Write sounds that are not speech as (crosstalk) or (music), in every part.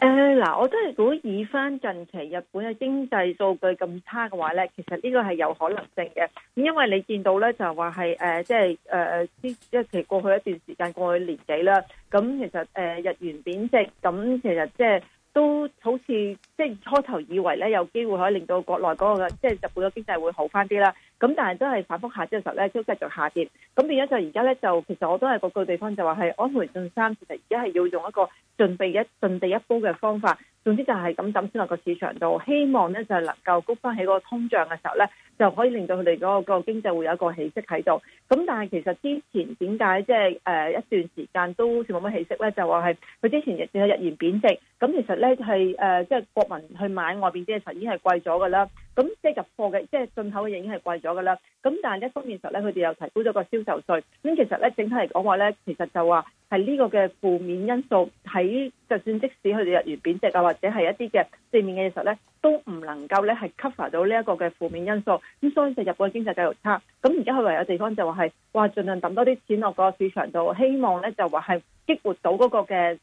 誒、呃、嗱，我真係如果以翻近期日本嘅經濟數據咁差嘅話咧，其實呢個係有可能性嘅。咁因為你見到咧，就係話係即係即一期過去一段時間過去年紀啦，咁其實、呃、日元貶值，咁其實即、就、係、是、都好似。即係初頭以為咧，有機會可以令到國內嗰個即係日本嘅經濟會好翻啲啦，咁但係都係反覆下跌嘅時候咧，都繼續下跌，咁變咗就而家咧，就其實我都係嗰個地方就話係安倍晉三其實而家係要用一個準備一准地一波嘅方法，總之就係咁抌先落個市場度，希望咧就係能夠谷翻起個通脹嘅時候咧，就可以令到佢哋嗰個個經濟會有一個起色喺度。咁但係其實之前點解即係誒一段時間都好似冇乜起色咧？就話係佢之前日日日元貶值，咁其實咧係誒即係國。去買外邊，啲嘢實已經係貴咗噶啦。咁即係入貨嘅，即係進口嘅嘢已經係貴咗噶啦。咁但係一方面時咧，佢哋又提高咗個銷售稅。咁其實咧，整體嚟講話咧，其實就話係呢個嘅負面因素喺，就算即使佢哋日元貶值啊，或者係一啲嘅正面嘅嘢時候咧，都唔能夠咧係 cover 到呢一個嘅負面因素。咁所以就日本的經濟繼續差。咁而家佢唯有地方就話係話盡量揼多啲錢落個市場度，希望咧就話係激活到嗰個嘅，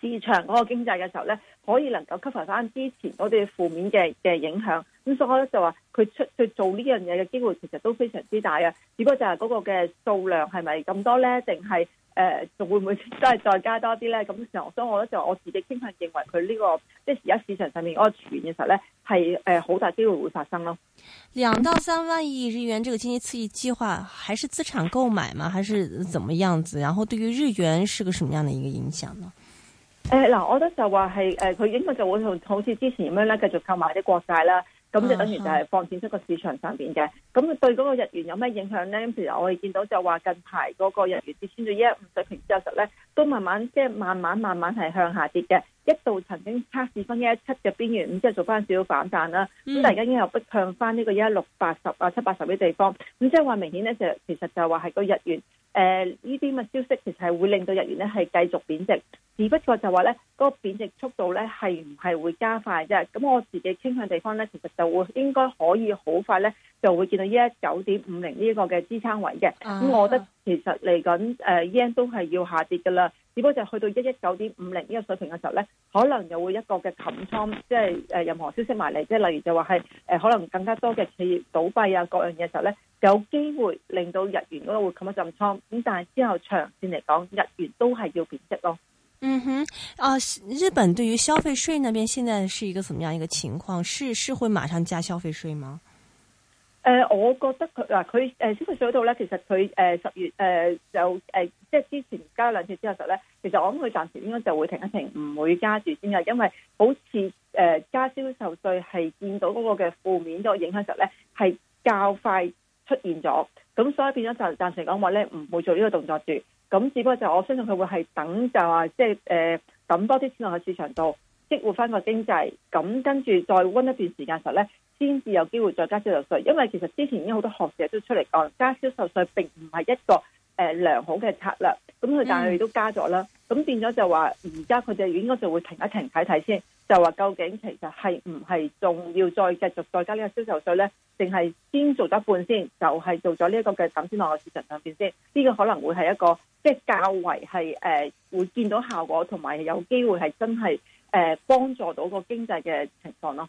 市場嗰個經濟嘅時候咧，可以能夠 cover 翻之前嗰啲負面嘅嘅影響，咁所以咧就話佢出去做呢樣嘢嘅機會其實都非常之大嘅，只不過就係嗰個嘅數量係咪咁多咧，定係誒會唔會都係再加多啲咧？咁時所以我覺得就我自己傾向認為佢呢個即係而家市場上面嗰個嘅時候咧，係誒好大機會會發生咯。兩到三萬億日元，這個經濟刺激計劃，還是資產購買嘛？還是怎麼樣子？然後對於日元，是個什麼樣嘅一個影響呢？誒、欸，嗱、啊，我覺得就話係，誒、呃，佢應該就會好好似之前咁樣咧，繼續購買啲國債啦，咁就等於就係放錢出個市場上邊嘅，咁對嗰個日元有咩影響咧？咁其實我哋見到就話近排嗰個日元跌穿咗一五水平之後實咧。都慢慢即係慢慢慢慢係向下跌嘅，一度曾經測試分一七嘅邊緣，咁即係做翻少少反彈啦。咁而家已經又逼向翻呢個一六八十啊七八十嘅地方。咁即係話明顯咧，就其實就係話係個日元誒呢啲咁嘅消息，其實係會令到日元咧係繼續貶值，只不過就話咧嗰個貶值速度咧係唔係會加快啫。咁我自己傾向的地方咧，其實就會應該可以好快咧就會見到一九點五零呢一個嘅支撐位嘅。咁、啊、我覺得。其實嚟緊誒 yen 都係要下跌噶啦，只不過就去到一一九點五零呢個水平嘅時候咧，可能又會一個嘅冚倉，即係誒、呃、任何消息埋嚟，即係例如就話係誒可能更加多嘅企業倒閉啊各樣嘢時候咧，有機會令到日元嗰會冚一陣倉。咁但係之後長線嚟講，日元都係要貶值咯。嗯哼，啊、呃、日本對於消費稅那邊現在是一個什麼樣一個情況？是是會馬上加消費稅嗎？誒、呃，我覺得佢嗱，佢誒消費稅嗰度咧，其實佢誒十月誒、呃、就誒，即、呃、係、就是、之前加兩次之後實咧，其實我諗佢暫時應該就會停一停，唔會加住先嘅，因為好似誒、呃、加消費稅係見到嗰個嘅負面嗰個影響實咧，係較快出現咗，咁所以變咗暫暫時講話咧唔會做呢個動作住，咁只不過就我相信佢會係等就話即係誒等多啲錢落去市場度激活翻個經濟，咁跟住再溫一段時間實咧。先至有機會再加銷售稅，因為其實之前已經好多學者都出嚟講，加銷售稅並唔係一個誒良好嘅策略。咁佢但係都加咗啦，咁變咗就話而家佢哋應該就會停一停睇睇先，就話究竟其實係唔係仲要再繼續再加個呢個銷售稅咧，定係先做咗一半先就係做咗呢一個嘅減先落嘅市場上邊先，呢個可能會係一個即係較為係誒會見到效果同埋有，有機會係真係誒幫助到個經濟嘅情況咯。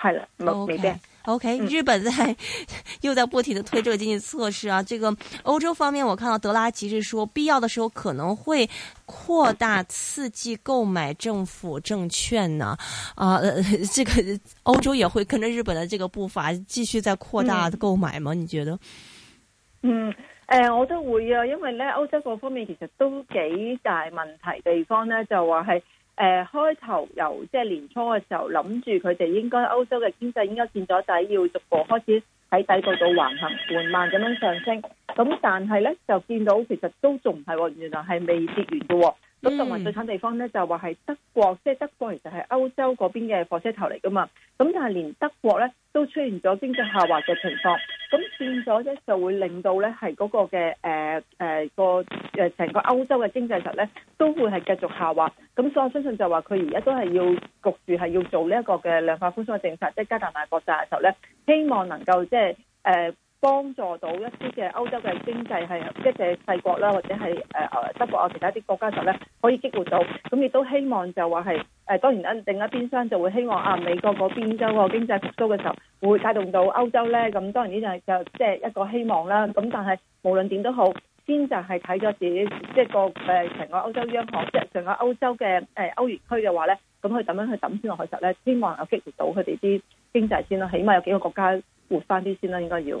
係啦，沒沒變。O K，日本在又在不停的推這個經濟測試啊。這個歐洲方面，我看到德拉吉是說，必要的時候可能會擴大刺激購買政府證券呢。啊、嗯呃，這個歐洲也會跟着日本的這個步伐繼續在擴大購買嗎？你覺得？嗯，誒、呃，我都會啊，因為咧歐洲各方面其實都幾大問題地方咧，就話係。誒、呃、開頭由即係、就是、年初嘅時候諗住佢哋應該歐洲嘅經濟應該見咗底，要逐步開始喺底度度橫行緩慢咁樣上升，咁但係呢，就見到其實都仲唔係喎，原來係未跌完嘅喎。咁同埋最慘地方咧，就話係德國，即係德國，其實係歐洲嗰邊嘅火車頭嚟噶嘛。咁但係連德國咧都出現咗經濟下滑嘅情況，咁變咗咧就會令到咧係嗰個嘅誒誒個誒成個歐洲嘅經濟實咧都會係繼續下滑。咁所以我相信就話佢而家都係要焗住係要做呢一個嘅量化寬鬆嘅政策，即係加大買國債嘅時候咧，希望能夠即係誒。呃幫助到一啲嘅歐洲嘅經濟，係即係細國啦，或者係誒德國啊，或者其他啲國家時候咧，可以激活到。咁亦都希望就話係誒，當然一另一邊廂就會希望啊，美國個邊州個經濟復甦嘅時候，會帶動到歐洲咧。咁當然呢樣就即係一個希望啦。咁但係無論點都好，先就係睇咗自己即係個誒成個歐洲央行，即係成個歐洲嘅誒歐元區嘅話咧，咁佢點樣去抌錢落去實咧？希望有激活到佢哋啲經濟先啦，起碼有幾個國家活翻啲先啦，應該要。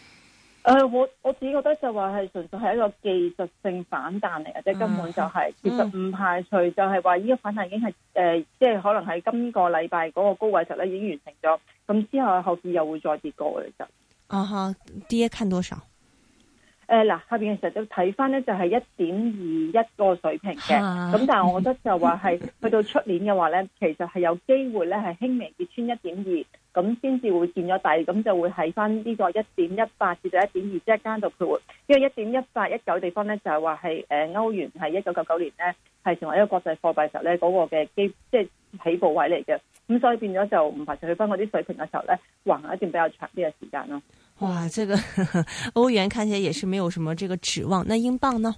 誒、呃，我我自己覺得就話係純粹係一個技術性反彈嚟嘅，即、啊、根本就係、是啊，其實唔排除就係話依個反彈已經係誒、呃，即係可能係今個禮拜嗰個高位實咧已經完成咗，咁之後後面又會再跌過嘅其實。啊哈，跌看多少？誒，嗱，下邊嘅時候都睇翻咧，就係一點二一個水平嘅，咁、啊、但係我覺得就話係 (laughs) 去到出年嘅話咧，其實係有機會咧係輕微跌穿一點二。咁先至會跌咗底，咁就會喺翻呢個一點一八至到一點二之間度佢會，因為一點一八一九地方咧就係話係誒歐元係一九九九年咧係成為一個國際貨幣時候咧嗰個嘅基即係起步位嚟嘅，咁所以變咗就唔排除翻嗰啲水平嘅時候咧橫一段比較長啲嘅時間咯。哇，這個呵呵歐元看起來也是沒有什麼這個指望，那英鎊呢？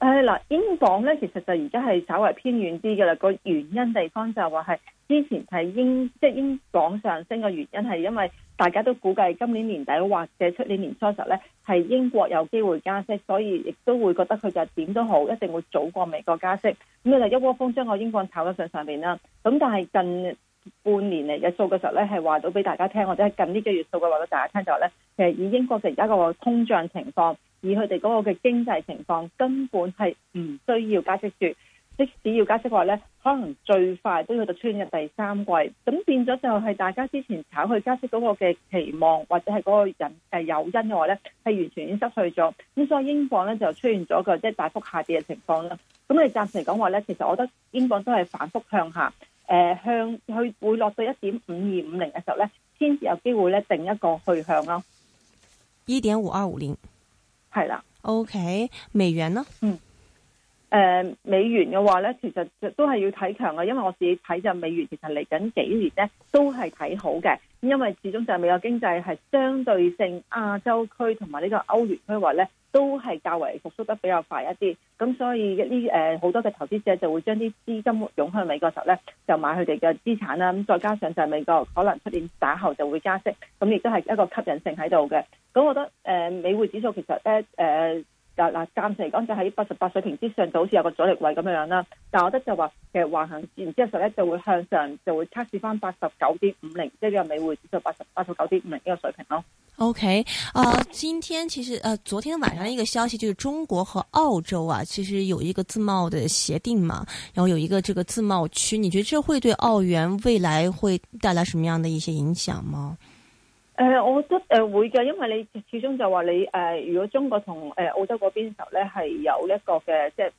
誒，嗱，英鎊咧，其實就而家係稍微偏遠啲嘅啦。個原因地方就話、是、係之前係英即係、就是、英鎊上升嘅原因係因為大家都估計今年年底或者出年年初時候咧，係英國有機會加息，所以亦都會覺得佢就點都好，一定會早過美國加息。咁佢就一窩蜂將個英鎊炒咗上上邊啦。咁但係近半年嚟日數嘅時候咧，係話到俾大家聽，或者係近呢個月數嘅話到大家聽就話咧，其實以英國嘅而家個通脹情況。以佢哋嗰個嘅經濟情況根本係唔需要加息，住即使要加息嘅話咧，可能最快都要到出現嘅第三季。咁變咗就係大家之前炒佢加息嗰個嘅期望，或者係嗰個人誒誘、呃、因嘅話咧，係完全已經失去咗。咁所以英鎊咧就出現咗個即係大幅下跌嘅情況啦。咁我哋暫時講話咧，其實我覺得英鎊都係反覆向下，誒、呃、向去會落到一點五二五零嘅時候咧，先至有機會咧定一個去向咯。一點五二五零。係啦，OK，美元呢？嗯。誒、呃、美元嘅話咧，其實都係要睇強嘅，因為我自己睇就美元其實嚟緊幾年咧都係睇好嘅，因為始終就係美國經濟係相對性亞洲區同埋呢個歐元區話咧都係較為復甦得比較快一啲，咁所以呢誒好多嘅投資者就會將啲資金湧向美國時候咧就買佢哋嘅資產啦，咁再加上就係美國可能出年打後就會加息，咁亦都係一個吸引性喺度嘅，咁我覺得、呃、美匯指數其實咧、呃嗱嗱，暫時嚟講就喺八十八水平之上就好似有個阻力位咁樣樣啦。但我覺得就話其實橫行完之後咧，就會向上就會測試翻八十九點五零，即係呢個美匯指數八十八十九點五零呢個水平咯。OK，啊、呃，今天其實啊、呃，昨天晚上一個消息就是中國和澳洲啊，其實有一個自貿的協定嘛，然後有一個這個自貿區，你覺得這會對澳元未來會帶來什麼樣的一些影響嗎？誒、呃，我覺得誒、呃、會嘅，因為你始始終就話你誒、呃，如果中國同誒、呃、澳洲嗰邊時候咧，係有一個嘅即係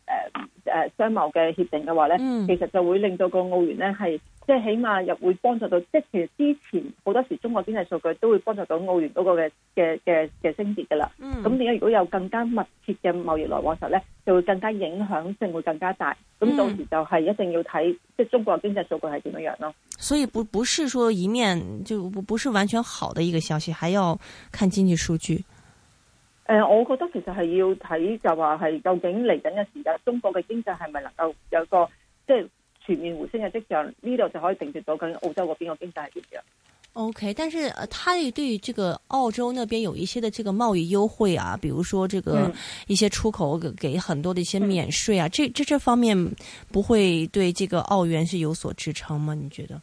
誒誒商貿嘅協定嘅話咧、嗯，其實就會令到個澳元咧係。是即係起碼又會幫助到，即係其實之前好多時中國經濟數據都會幫助到澳元嗰個嘅嘅嘅嘅升跌噶啦。咁點解如果有更加密切嘅貿易來往時候咧，就會更加影響性會更加大。咁到時就係一定要睇，嗯，即係中國嘅經濟數據係點樣樣咯。所以不不是說一面就不是完全好的一個消息，還要看經濟數據。誒、呃，我覺得其實係要睇就話係究竟嚟緊嘅時間，中國嘅經濟係咪能夠有個即係。全面回升嘅跡象，呢度就可以定奪到跟澳洲嗰邊個經濟係點樣。O、okay, OK，但是呃，佢對於這個澳洲那邊有一些的這個貿易優惠啊，比如說這個一些出口給很多的一些免稅啊，嗯、這這這方面不會對這個澳元是有所支撐嗎？你覺得？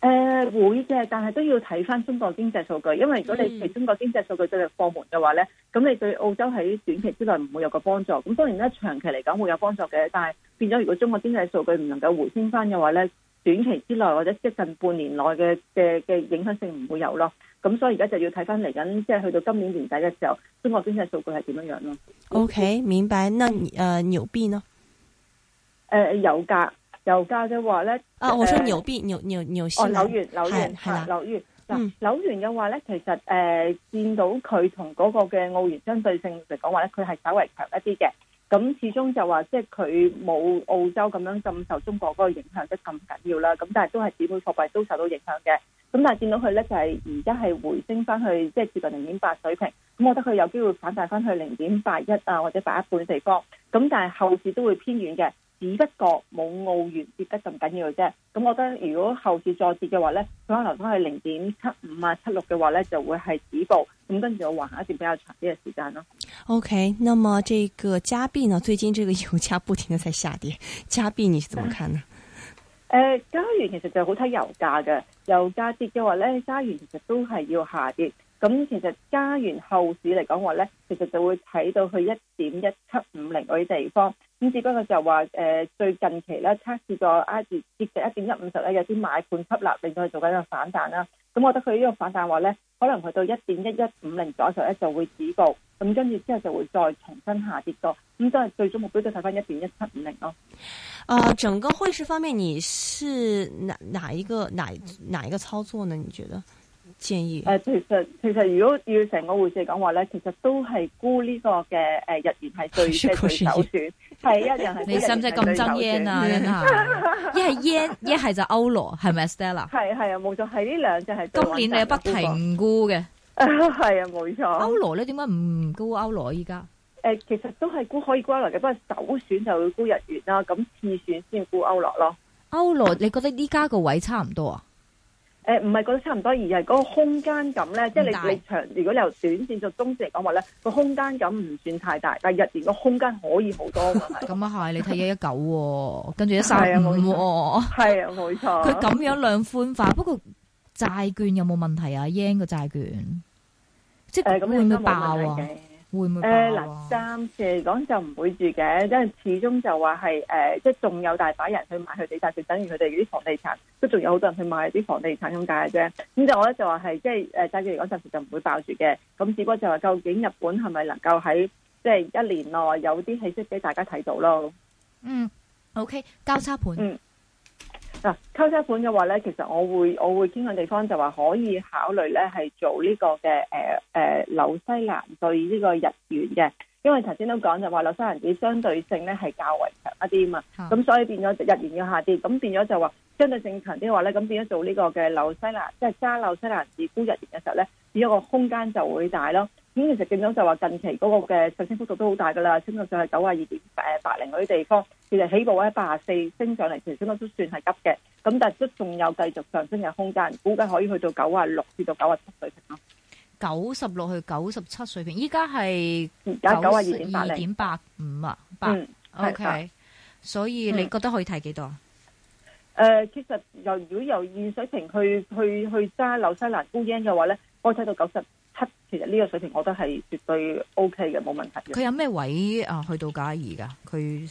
誒、呃，會嘅，但係都要睇翻中國經濟數據，因為如果你睇中國經濟數據係放緩嘅話咧，咁你對澳洲喺短期之內唔會有個幫助。咁當然咧，長期嚟講會有幫助嘅，但係變咗如果中國經濟數據唔能夠回升翻嘅話咧，短期之內或者即近半年內嘅嘅嘅影響性唔會有咯。咁所以而家就要睇翻嚟緊，即係去到今年年底嘅時候，中國經濟數據係點樣樣咯。O、okay, K，明白。那誒，紐、呃、幣呢？誒、呃，有油價嘅話咧，啊，呃、我說紐幣紐紐紐元啦，係啦，紐元嗱，紐元嘅話咧，其實誒、呃、見到佢同嗰個嘅澳元相對性嚟講話咧，佢係稍微強一啲嘅。咁始終就話即係佢冇澳洲咁樣咁受中國嗰個影響得咁緊要啦。咁但係都係姊妹貨幣都受到影響嘅。咁但係見到佢咧就係而家係回升翻去即係接近零點八水平。咁我覺得佢有機會反彈翻去零點八一啊或者八一半嘅地方。咁但係後市都會偏軟嘅。只不過冇澳元跌得咁緊要嘅啫，咁我覺得如果後市再跌嘅話咧，佢可能返去零點七五啊七六嘅話咧，就會係止步，咁跟住要橫一段比較長啲嘅時間咯。OK，那麼這個加幣呢？最近這個油價不停嘅在下跌，加幣你是怎麼看呢？誒、啊呃，加元其實就好睇油價嘅，油價跌嘅話咧，加元其實都係要下跌。咁其實加完後市嚟講話咧，其實就會睇到去一點一七五零嗰啲地方。咁只不過就話誒、呃，最近期咧測試過挨住跌至一點一五十咧，有啲買盤吸納，令到佢做緊一個反彈啦、啊。咁我覺得佢呢個反彈話咧，可能去到一點一一五零左右咧就會止步。咁跟住之後就會再重新下跌多。咁都係最終目標都睇翻一點一七五零咯。誒、呃，整個匯市方面，你是哪哪一個哪哪一個操作呢？你覺得？建議誒，其實其實如果要成個匯市講話咧，其實都係估呢個嘅誒日元係最 (laughs) 最首選，係一樣係你使唔使咁憎 yen 啊？一 (laughs) 係人是 (laughs) yen，一係就歐羅，係 (laughs) 咪不是 Stella？係係啊，冇錯，係呢兩隻係今年你不停估嘅，係啊，冇錯。歐羅咧，點解唔估歐羅依家？誒，其實都係估可以歐羅嘅，不過首選就會估日元啦，咁次選先估歐羅咯。歐羅，你覺得依家個位差唔多啊？誒、呃，唔係覺得差唔多，而係嗰個空間感咧，即係你你長，如果你由短線做中線嚟講話咧，個空間感唔算太大，但係日年個空間可以好多嘛。咁啊係，你睇一一九，跟住一三五，係啊，冇錯。佢 (laughs) 咁、啊、樣量寬化，不過債券有冇問題啊？Yen 個債券，即係、呃、會唔會爆啊？會唔會爆誒、啊，嗱、呃，暫時嚟講就唔會住嘅，因為始終就話係誒，即係仲有大把人去買佢哋，但係，等於佢哋啲房地產都仲有好多人去買啲房地產咁解嘅啫。咁就我咧就話係即係誒，暫時嚟講，暫時就唔會爆住嘅。咁只不過就話究竟日本係咪能夠喺即係一年內有啲氣息俾大家睇到咯？嗯，OK，交叉盤。嗯嗱、啊，溝車盤嘅話咧，其實我會我會傾向地方就話可以考慮咧，係做呢個嘅誒誒紐西蘭對呢個日元嘅，因為頭先都講就話紐西蘭紙相對性咧係較為強一啲啊嘛，咁、啊、所以變咗日元要下跌，咁變咗就話相對性強啲嘅話咧，咁變咗做呢個嘅紐西蘭即係揸紐西蘭紙沽日元嘅時候咧，呢、這、一個空間就會大咯。咁其實見到就話近期嗰個嘅上升幅度都好大噶啦，升到就係九啊二點誒八零嗰啲地方。其實起步喺八啊四，升上嚟其實應該都算係急嘅。咁但係都仲有繼續上升嘅空間，估計可以去到九啊六至到九啊七水平咯。九十六去九十七水平，依家係九啊二點八零五啊，八 OK、嗯。所以你覺得可以睇幾多啊？誒、嗯，其實由如果由現水平去去去揸紐西蘭沽 Y 嘅話咧，我可以睇到九十。黑其實呢個水平我覺得係絕對 O K 嘅，冇問題。佢有咩位啊？去到假二噶？佢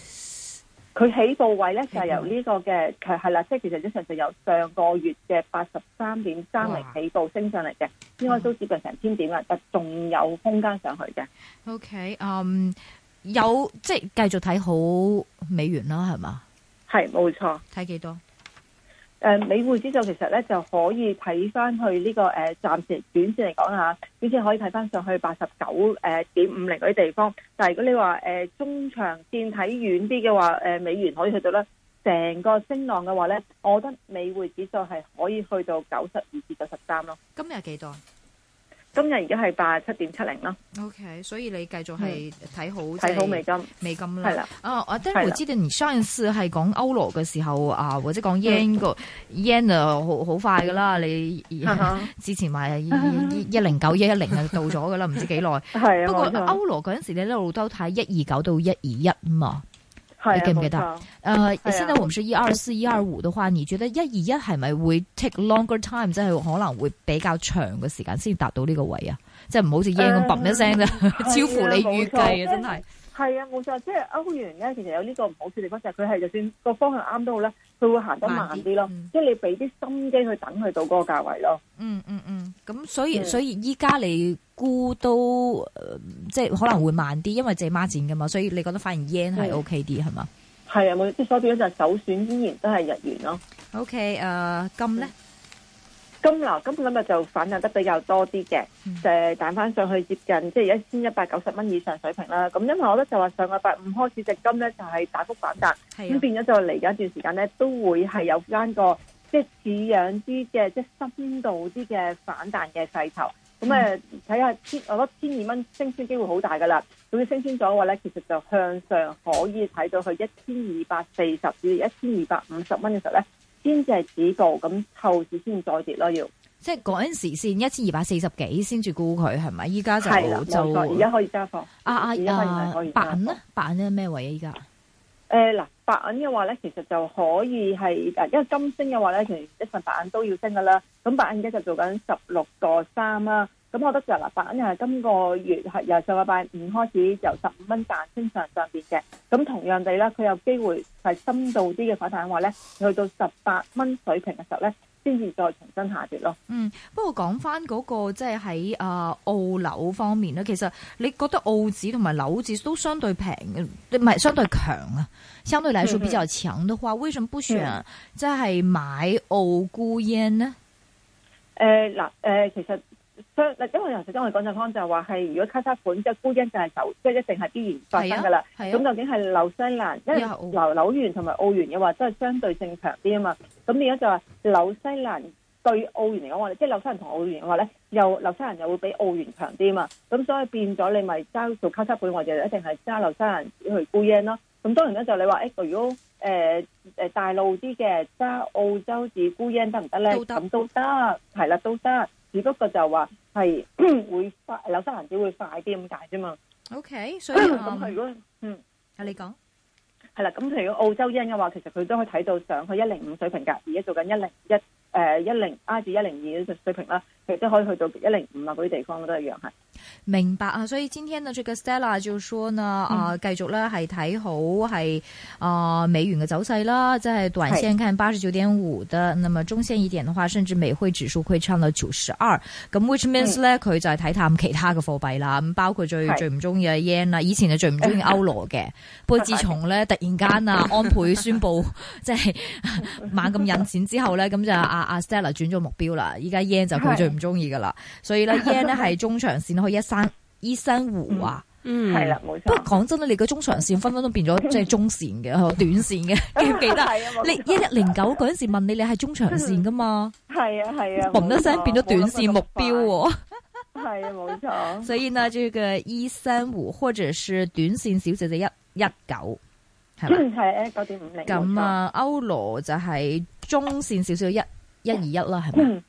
佢起步位咧就係由呢個嘅，係啦，即係其實正常就上由上個月嘅八十三點三零起步升上嚟嘅，應該都接近成千點啦、哦，但仲有空間上去嘅。O K，嗯，有即係繼續睇好美元啦，係嘛？係，冇錯。睇幾多？誒，美匯指數其實咧就可以睇翻去呢、這個誒，暫時短線嚟講下短線可以睇翻上去八十九，誒點五零嗰啲地方。但係如果你話誒中長線睇遠啲嘅話，誒美元可以去到咧，成個升浪嘅話咧，我覺得美匯指數係可以去到九十二至九十三咯。今日幾多？今日而家係八七點七零啦。OK，所以你繼續係睇好睇好美金美金啦。係啦。啊，啊，啱啱我知道，你上一次係講歐羅嘅時候啊，或者講 yen、嗰個 yen 啊，好好快噶啦。你係之前買一零九一一零啊，109，到咗噶啦，唔 (laughs) 知幾多耐。係 (laughs) 啊。不過歐羅嗰陣時，你一路都睇一二九到一二一啊嘛。是啊，你記唔記得？誒、uh, 啊，現在我唔是一、啊、二、四、一、二、五嘅話，你覺得一、二、一係咪會 take longer time，即係可能會比較長嘅時間先達到呢個位啊？即係唔好似 yen 咁噚一聲啫，超、嗯、乎 (laughs) 你預計的是啊！真係係啊，冇錯，即係歐元咧，其實有呢個唔好處地方就係佢係就算個方向啱都好咧。佢會行得慢啲咯，即係你俾啲心機去等佢到嗰個價位咯。嗯嗯嗯，咁所以所以依家你估都，呃、即係可能會慢啲，因為借孖展噶嘛。所以你覺得反而 yen 係 OK 啲係嘛？係啊，我即係所以變咗就首選依然都係日元咯。OK，誒、呃，金咧？嗯金牛今日就反彈得比較多啲嘅，就彈翻上去接近即係一千一百九十蚊以上水平啦。咁因為我覺得就話上個禮拜五開始，隻金咧就係、是、大幅反彈，咁、啊、變咗就嚟緊一段時間咧都會係有翻個即係似樣啲嘅，即係深度啲嘅反彈嘅勢頭。咁睇下千，我覺得千二蚊升穿機會好大噶啦。咁如果升穿咗嘅話咧，其實就向上可以睇到去一千二百四十至一千二百五十蚊嘅時候咧。先至係止步，咁後市先再跌咯，要。即係嗰陣時線一千二百四十幾先至估佢，係咪？依家就就而家可以揸貨。阿阿白銀咧，白銀咧咩位啊？依家？誒嗱，白銀嘅、呃、話咧，其實就可以係，誒，因為金升嘅話咧，其實一份白銀都要升噶啦。咁白銀而家就做緊十六個三啦。咁我覺得就立板蚊係今個月係由上個拜五開始，由十五蚊彈升上上邊嘅。咁同樣地咧，佢有機會係深度啲嘅反彈話咧，去到十八蚊水平嘅時候咧，先至再重新下跌咯。嗯，不過講翻嗰個即係喺啊澳紐方面咧，其實你覺得澳紙同埋紐紙都相對平，唔係相對強啊，相對嚟說比較強的話嗯，嗯，為什麼不選即係買澳沽煙呢？誒，嗱、呃，誒、呃呃，其實。因為頭先我哋講陣講就係話係，如果卡沙盤，即係沽應，就係、是、走，即、就、係、是、一定係必然發生㗎啦。咁、啊啊、究竟係紐西蘭、因係紐紐元同埋澳元嘅話，都係相對性強啲啊嘛。咁變咗就話紐西蘭對澳元嚟講，我哋即係紐西蘭同澳元嘅話咧，又紐西蘭又會比澳元強啲啊嘛。咁所以變咗你咪揸做卡沙盤，我哋一定係揸紐西蘭去沽應咯。咁當然咧就你話誒、欸，如果誒誒、呃、大路啲嘅揸澳洲字沽應得唔得咧？咁都得，係、嗯、啦，都得。只不過就話。係會快，紐西蘭紙會快啲咁解啫嘛。O、okay, K，所以咁佢 (coughs) 如果嗯，啊你講係啦，咁譬如澳洲因嘅話，其實佢都可以睇到上去一零五水平噶，而家做緊一零一誒一零一至一零二嘅水平啦，其實都可以去到一零五啊嗰啲地方都一樣嘅。明白啊，所以今天呢，這個 Stella 就說呢，啊、嗯呃，繼續咧係睇好係啊、呃、美元嘅走勢啦，即、就、係、是、短線看八十九點五得，那麼中線一點的話，甚至美匯指數會唱到九十二。咁 which means 咧佢就係睇淡其他嘅貨幣啦，包括最最唔中意嘅 yen 啦，以前係最唔中意歐羅嘅， (laughs) 不過自從咧突然間啊安倍宣布即係猛咁印錢之後咧，咁就阿、啊、阿、啊、Stella 轉咗目標啦，依家 yen 就佢最唔中意噶啦，所以咧 yen 呢係 (laughs) 中長線一三醫生湖啊，係、嗯、啦，冇、嗯、錯。不過講真咧，你個中長線分分都變咗即係中線嘅， (laughs) 短線嘅記唔記得？係 (laughs) 啊，你一一零九嗰陣時問你，你係中長線噶嘛？係啊，係啊，嘣一聲變咗短線目標喎。係啊，冇錯。 (laughs) 所以呢，呢、這個嘅醫生湖，或者是短線少少就一一九，係 (laughs) 嘛？係啊，九點五零。咁啊，歐羅就係中線少少一一二一啦，係咪？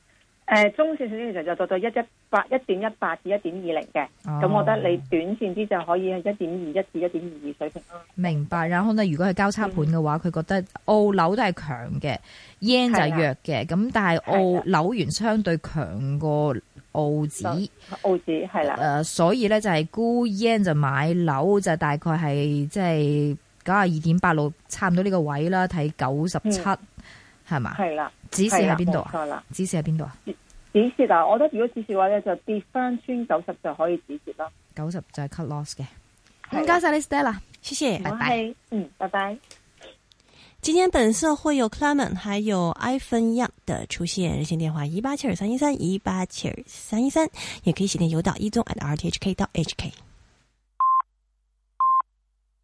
誒，中線少少就就到到一一。八一點一八至一點二零嘅，咁、哦、我覺得你短線啲就可以係一點二一至一點二二水平咯。明白啊，咁咧如果係交叉盤嘅話，佢、嗯、覺得澳樓都係強嘅，yen 就係弱嘅，咁但係澳樓源相對強過澳紙。澳紙係啦。誒、呃，所以咧就係沽 yen 就買樓，就大概係即係九十二點八六，差唔多呢個位啦。睇九十七係嘛？係啦。指示喺邊度啊？冇錯啦。指示喺邊度啊？止蝕嗱，我覺得如果止蝕嘅話咧，就跌翻穿九十就可以止蝕咯。九十就係 cut loss 嘅。唔該晒你，Stella，謝謝、嗯，拜拜。嗯，拜拜。今天本色會有 Clement 還有 iPhone Young 的出現。熱線電話一八七二三一三一八七二三一三，也可以寫電郵到一、e、中 at rthk. 到 hk。